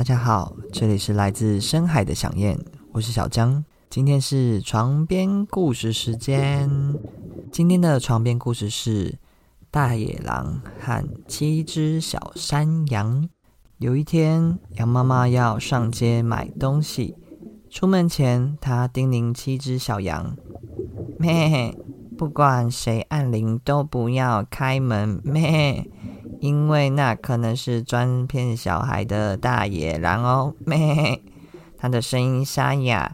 大家好，這裡是來自深海的響燕，我是小江。今天是床邊故事時間，今天的床邊故事是《大野狼和七隻小山羊》。有一天，羊媽媽要上街買東西，出門前，她叮嚀七隻小羊：“咩？不管誰按鈴，都不要開門，咩因為那可能是專騙小孩的大野狼哦，咩？他的聲音沙啞，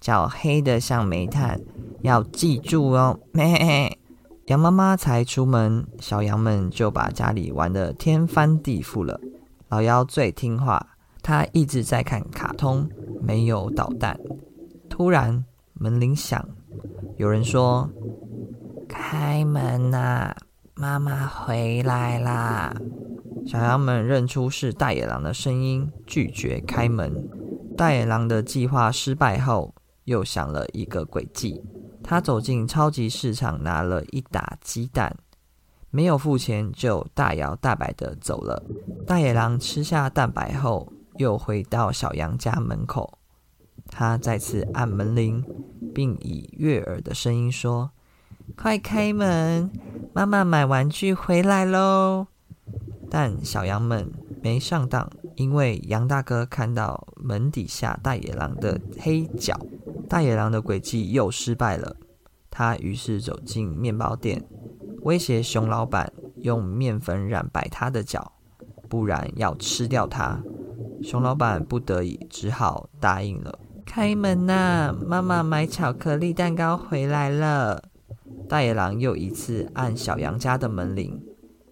腳黑得像煤炭。要記住哦，咩？羊媽媽才出門，小羊們就把家裡玩得天翻地覆了。老幺最聽話，他一直在看卡通，沒有搗蛋。突然門鈴響，有人說：“開門吶、啊！”媽媽回來啦！小羊們認出是大野狼的聲音，拒絕開門。大野狼的計劃失敗後，又想了一個詭計。他走進超級市場，拿了一打雞蛋，沒有付錢就大搖大擺的走了。大野狼吃下蛋白後，又回到小羊家門口。他再次按門鈴，並以悅耳的聲音說：“快開門！”媽媽買玩具回來嘍，但小羊們沒上當，因為羊大哥看到門底下大野狼的黑腳，大野狼的詭計又失敗了。他於是走進麵包店，威脅熊老闆用麵粉染白他的腳，不然要吃掉他。熊老闆不得已只好答應了。開門吶、啊，媽媽買巧克力蛋糕回來了。大野狼又一次按小羊家的門鈴，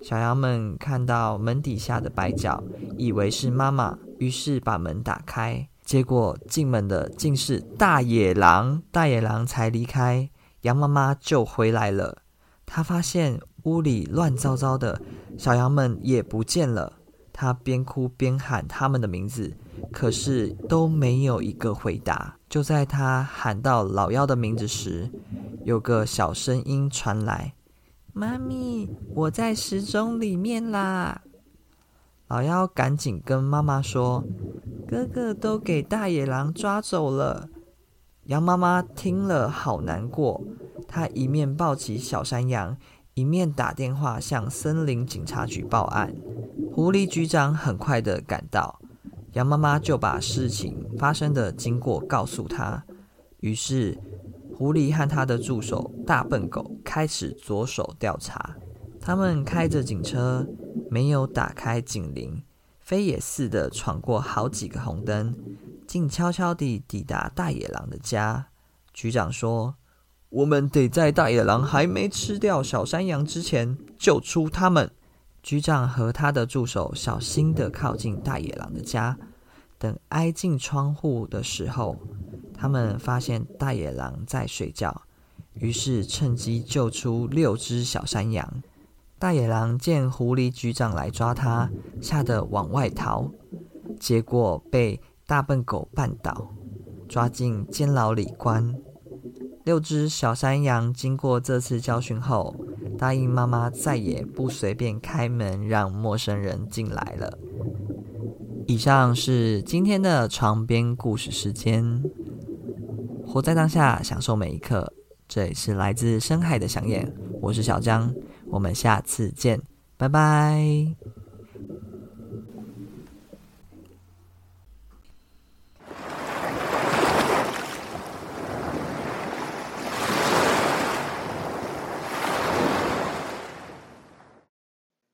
小羊們看到門底下的白腳，以為是媽媽，於是把門打開，結果進門的竟是大野狼。大野狼才離開，羊媽媽就回來了。他發現屋裡亂糟糟的，小羊們也不見了。他邊哭邊喊他們的名字，可是都沒有一個回答。就在他喊到老幺的名字時，.有個小聲音傳來：“媽咪，我在時鐘裡面啦！”老幺趕緊跟媽媽說：“哥哥都給大野狼抓走了。”羊媽媽聽了好難過，她一面抱起小山羊，一面打電話向森林警察局報案。狐狸局長很快地趕到，羊媽媽就把事情發生的經過告訴他。於是。狐狸和他的助手大笨狗開始着手調查。他們開着警車，沒有打開警鈴，飛也似的闖過好幾個紅燈，靜悄悄地抵達大野狼的家。局長說：“我們得在大野狼還沒吃掉小山羊之前救出他們。”局長和他的助手小心地靠近大野狼的家，等挨近窗戶的時候。他們發現大野狼在睡覺，於是趁機救出六隻小山羊。大野狼見狐狸局長來抓它，嚇得往外逃，結果被大笨狗絆倒，抓進監牢裡關。六隻小山羊經過這次教訓後，答應媽媽再也不隨便開門讓陌生人進來了。以上是今天的床邊故事時間。活在當下，享受每一刻。這裡是來自深海的想念，我是小江，我們下次見，拜拜。